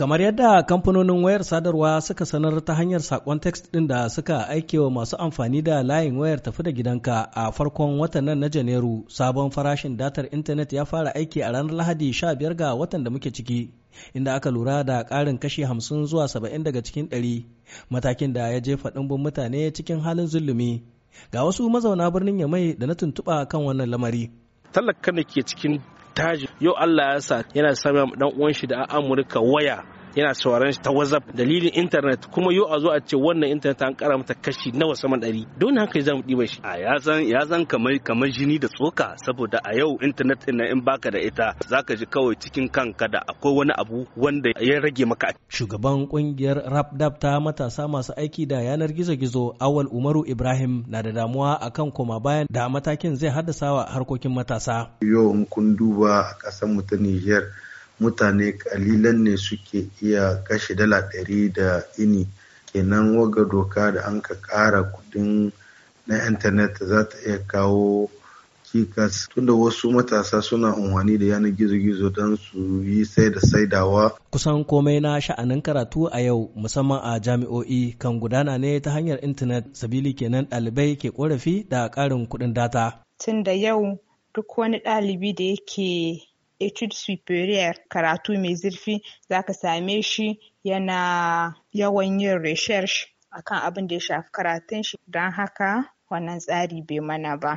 Kamar yadda kamfanonin wayar sadarwa suka sanar ta hanyar sakon text ɗin da suka aike wa masu amfani da layin wayar tafi da gidanka a farkon watan nan na Janairu, sabon farashin datar intanet ya fara aiki a ranar Lahadi 15 ga watan da muke ciki, inda aka lura da ƙarin kashi 50 zuwa 70 daga cikin 100, matakin da ya jefa bin mutane cikin halin zulumi. Ga wasu mazauna birnin Yamai da na tuntuɓa kan wannan lamari. Talaka ne ke cikin taji yau Allah ya sa yana samun dan uwan shi da Amurka waya yana sauraron shi ta WhatsApp dalilin internet kuma yau a zo a ce wannan internet an kara mata kashi nawa saman ɗari don haka zan ɗiba shi. A ya san ya san kamar jini da tsoka saboda a yau internet ɗin in baka da ita zaka ji kawai cikin kanka da akwai wani abu wanda ya rage maka. Shugaban kungiyar RAPDAP ta matasa masu aiki da yanar gizo-gizo Awal Umaru Ibrahim na da damuwa akan koma bayan da matakin zai haddasa wa harkokin matasa. Yau kun duba a ƙasar mu ta Niger mutane kalilan ne suke iya kashe dala ɗari da ini kenan waga doka da an ka ƙara kudin na intanet za ta iya kawo cikas tunda wasu matasa suna unwani da yanar gizo-gizo don su yi sai da saidawa. Kusan komai na sha'anin karatu a yau musamman a jami'o'i kan gudana ne ta hanyar intanet sabili kenan ɗalibai ke korafi da ƙarin kuɗin data. Tunda yau duk wani ɗalibi da yake etude superior karatu mai zurfi zaka same shi yana yawan yin research akan abin da ya shafi karatun shi don haka wannan tsari bai mana ba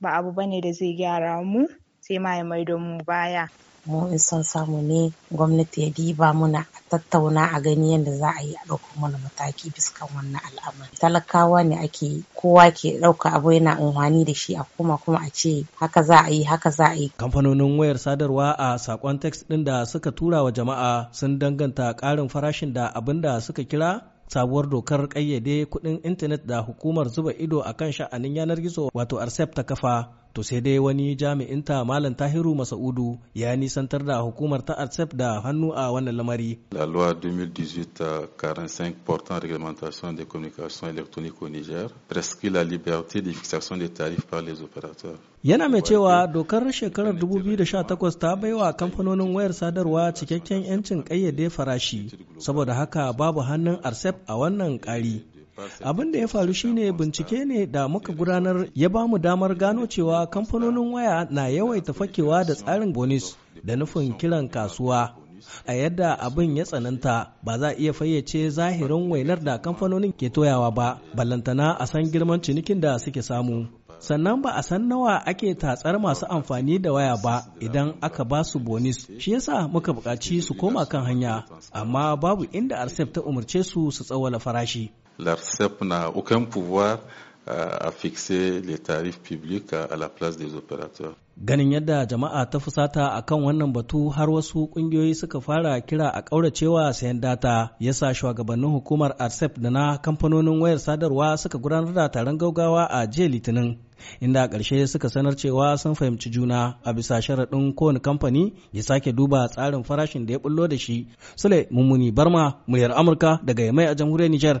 ba abu bane da zai gyara mu sai ma ya maido mu baya. Mu in son samu ne gwamnati ya diba muna a tattauna a gani yadda za a yi a ɗauka mana mataki biskan wannan al'amari. Talakawa ne ake kowa ke ɗauka abu yana amfani da shi a koma kuma a ce haka za a yi haka za a yi. Kamfanonin wayar sadarwa a sakon text ɗin da suka tura wa jama'a sun danganta ƙarin farashin da abin da suka kira sabuwar dokar kayyade kuɗin intanet da hukumar zuba ido a kan sha'anin yanar gizo wato arsef ta kafa to sai dai wani jami'in ta malam tahiru masaudu ya nisantar da hukumar ta artsef da hannu a wannan lamari la loi 2018-45 euh, portant réglementation des communications électroniques au Niger prescrit la liberté de fixation des tarifs par les opérateurs yana mai cewa dokar shekarar 2018 ta baiwa kamfanonin wayar sadarwa cikakken 'yancin kayyade farashi saboda haka babu hannun artsef a wannan kari. Abin da ya faru shine bincike ne da muka gudanar ya ba mu damar gano cewa kamfanonin waya na yawaita fakewa da tsarin bonus da nufin kiran kasuwa. A yadda abin ya tsananta ba za a iya fayyace zahirin wainar da kamfanonin ke toyawa ba, ballantana a san girman cinikin da suke samu. sannan ba a san nawa ake tatsar masu amfani da waya ba idan aka ba su bonus shi yasa muka buƙaci su koma kan hanya amma babu inda arsef ta umarce su su tsawala farashi l'ARCEP n'a aucun pouvoir a euh, fixer les tarifs publics à la place des opérateurs. Ganin yadda jama'a ta fusata a kan wannan batu har wasu kungiyoyi suka fara kira a ƙauracewa sayan data ya sa shugabannin hukumar ARCEP da na kamfanonin wayar sadarwa suka gudanar da taron gaugawa a jiya litinin inda a ƙarshe suka sanar cewa sun fahimci juna a bisa sharaɗin kowane kamfani ya sake duba tsarin farashin da ya bullo da shi. Sule Mummuni Barma, muryar Amurka daga Yamai a jamhuriyar Nijar.